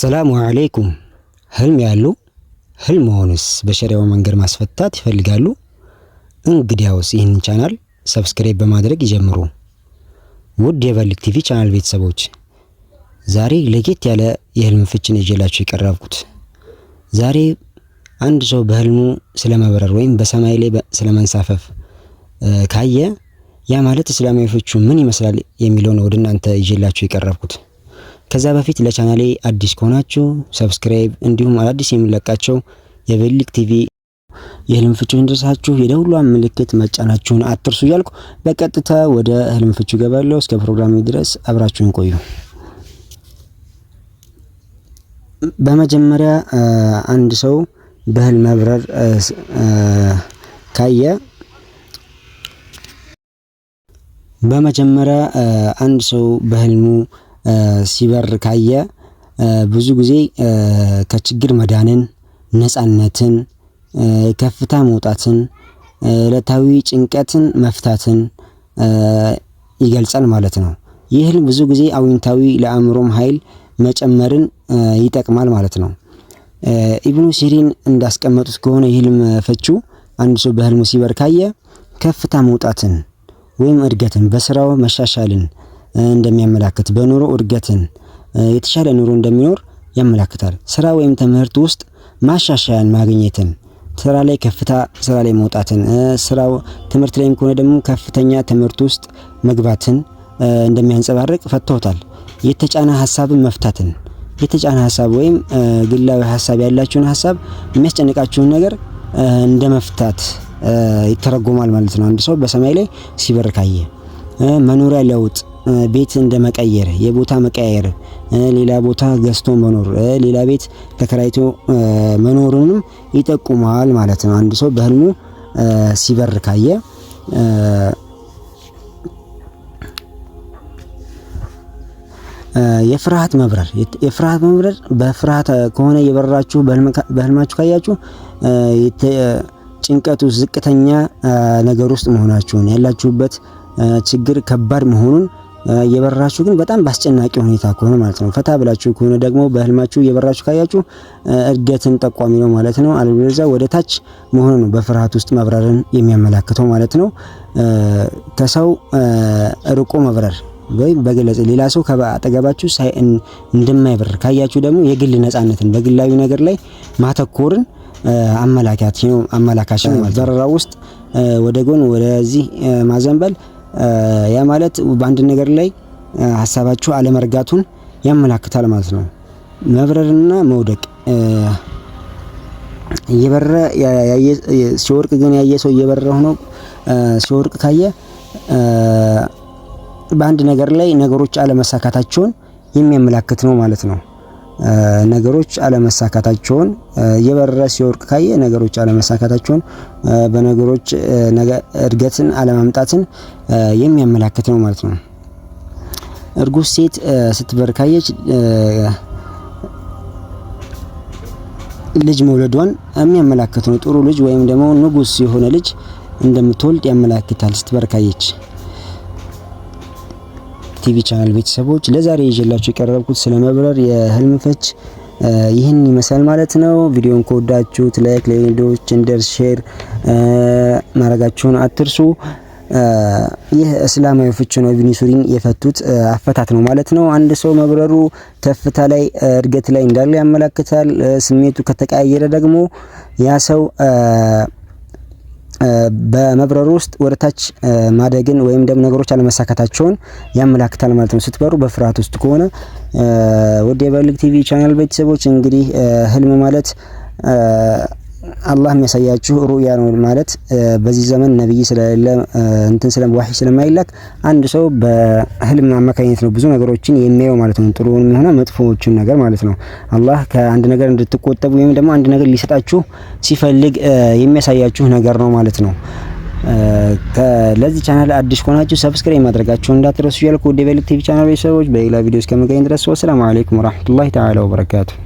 ሰላሙ አለይኩም። ህልም ያሉ ህልም ሆንስ በሸሪያው መንገድ ማስፈታት ይፈልጋሉ? እንግዲያውስ ይህን ቻናል ሰብስክራይብ በማድረግ ይጀምሩ። ውድ የበልግ ቲቪ ቻናል ቤተሰቦች ዛሬ ለየት ያለ የህልም ፍችን ይዤላችሁ የቀረብኩት ዛሬ አንድ ሰው በህልሙ ስለመብረር ወይም በሰማይ ላይ ስለመንሳፈፍ ካየ ያ ማለት እስላማዊ ፍቹ ምን ይመስላል የሚለውን ወደ እናንተ ይዤላችሁ የቀረብኩት ከዛ በፊት ለቻናሌ አዲስ ከሆናችሁ ሰብስክራይብ፣ እንዲሁም አዳዲስ የሚለቃቸው የብልቅ ቲቪ የህልም ፍቹ እንደሳችሁ የደውሏን ምልክት መጫናችሁን አትርሱ እያልኩ በቀጥታ ወደ ህልም ፍቹ ገባለሁ። እስከ ፕሮግራሙ ድረስ አብራችሁን ቆዩ። በመጀመሪያ አንድ ሰው በህልም መብረር ካየ በመጀመሪያ አንድ ሰው በህልሙ ሲበር ካየ ብዙ ጊዜ ከችግር መዳንን፣ ነፃነትን፣ ከፍታ መውጣትን፣ ዕለታዊ ጭንቀትን መፍታትን ይገልጻል ማለት ነው። ይህ ህልም ብዙ ጊዜ አዎንታዊ ለአእምሮም ኃይል መጨመርን ይጠቅማል ማለት ነው። ኢብኑ ሲሪን እንዳስቀመጡት ከሆነ የህልም ፍቺው አንድ ሰው በህልሙ ሲበር ካየ ከፍታ መውጣትን ወይም እድገትን፣ በስራው መሻሻልን እንደሚያመላክት በኑሮ እድገትን የተሻለ ኑሮ እንደሚኖር ያመላክታል። ስራ ወይም ትምህርት ውስጥ ማሻሻያን ማግኘትን ስራ ላይ ከፍታ ስራ ላይ መውጣትን ስራው ትምህርት ላይም ከሆነ ደግሞ ከፍተኛ ትምህርት ውስጥ መግባትን እንደሚያንጸባርቅ ፈትተውታል። የተጫነ ሀሳብን መፍታትን የተጫነ ሀሳብ ወይም ግላዊ ሀሳብ ያላችሁን ሀሳብ የሚያስጨንቃችሁን ነገር እንደ መፍታት ይተረጎማል ማለት ነው። አንድ ሰው በሰማይ ላይ ሲበር ካየ መኖሪያ ለውጥ ቤት እንደ መቀየር፣ የቦታ መቀያየር፣ ሌላ ቦታ ገዝቶ መኖር፣ ሌላ ቤት ተከራይቶ መኖሩንም ይጠቁመዋል ማለት ነው። አንድ ሰው በህልሙ ሲበር ካየ የፍርሃት መብረር የፍርሃት መብረር በፍርሃት ከሆነ የበረራችሁ በህልማችሁ ካያችሁ ጭንቀቱ ዝቅተኛ ነገር ውስጥ መሆናችሁን ያላችሁበት ችግር ከባድ መሆኑን የበራችሁ ግን በጣም በአስጨናቂ ሁኔታ ከሆነ ማለት ነው። ፈታ ብላችሁ ከሆነ ደግሞ በህልማችሁ የበራችሁ ካያችሁ እድገትን ጠቋሚ ነው ማለት ነው። አለበለዚያ ወደ ታች መሆኑ ነው በፍርሃት ውስጥ መብረርን የሚያመላክተው ማለት ነው። ከሰው ርቆ መብረር ወይም በግልጽ ሌላ ሰው ከአጠገባችሁ እንደማይበር ካያችሁ ደግሞ የግል ነፃነትን በግላዊ ነገር ላይ ማተኮርን አመላካች ነው ነው። በረራ ውስጥ ወደ ጎን ወደዚህ ማዘንበል ያ ማለት በአንድ ነገር ላይ ሀሳባችሁ አለመርጋቱን ያመላክታል ማለት ነው። መብረርና መውደቅ እየበረረ ሲወርቅ ግን ያየ ሰው እየበረ ሆኖ ሲወርቅ ካየ በአንድ ነገር ላይ ነገሮች አለመሳካታቸውን የሚያመላክት ነው ማለት ነው። ነገሮች አለመሳካታቸውን የበረረ ሲወርቅ ካየ ነገሮች አለመሳካታቸውን በነገሮች እድገትን አለማምጣትን የሚያመላክት ነው ማለት ነው። እርጉዝ ሴት ስትበር ካየች ልጅ መውለዷን የሚያመላክት ነው። ጥሩ ልጅ ወይም ደግሞ ንጉስ የሆነ ልጅ እንደምትወልድ ያመላክታል ስትበር ካየች። ቲቪ ቻናል ቤተሰቦች ለዛሬ ይዤላችሁ የቀረብኩት ስለ መብረር የህልም ፍች ይህን ይመስላል ማለት ነው። ቪዲዮን ከወዳችሁት ላይክ፣ ለሌሎች እንደርስ ሼር ማድረጋችሁን አትርሱ። ይህ እስላማዊ ፍች ነው። ኢብኑ ሲሪን የፈቱት አፈታት ነው ማለት ነው። አንድ ሰው መብረሩ ተፍታ ላይ እድገት ላይ እንዳለ ያመላክታል። ስሜቱ ከተቀያየረ ደግሞ ያ ሰው በመብረር ውስጥ ወደ ታች ማደግን ወይም ደግሞ ነገሮች አለመሳካታቸውን ያመላክታል ማለት ነው። ስትበሩ በፍርሃት ውስጥ ከሆነ ውድ የበልግ ቲቪ ቻናል ቤተሰቦች እንግዲህ ህልም ማለት አላህ የሚያሳያችሁ ሩያ ነው ማለት በዚህ ዘመን ነብይ ስለሌለ እንትን ስለ ዋሂ ስለማይላክ አንድ ሰው በህልም አማካኝነት ነው ብዙ ነገሮችን የሚያየው ማለት ነው። ጥሩውን ሆነ መጥፎዎችን ነገር ማለት ነው። አላህ ከአንድ ነገር እንድትቆጠቡ ወይም ደግሞ አንድ ነገር ሊሰጣችሁ ሲፈልግ የሚያሳያችሁ ነገር ነው ማለት ነው። ለዚህ ቻናል አዲስ ከሆናችሁ ሰብስክራይብ ማድረጋችሁ እንዳትረሱ እያልኩ ወደ ቤሊክ ቲቪ ቻናል ቤተሰቦች በሌላ ቪዲዮ እስከምገኝ ድረስ ወሰላሙ አለይኩም ወራህመቱላሂ ተዓላ ወበረካቱ።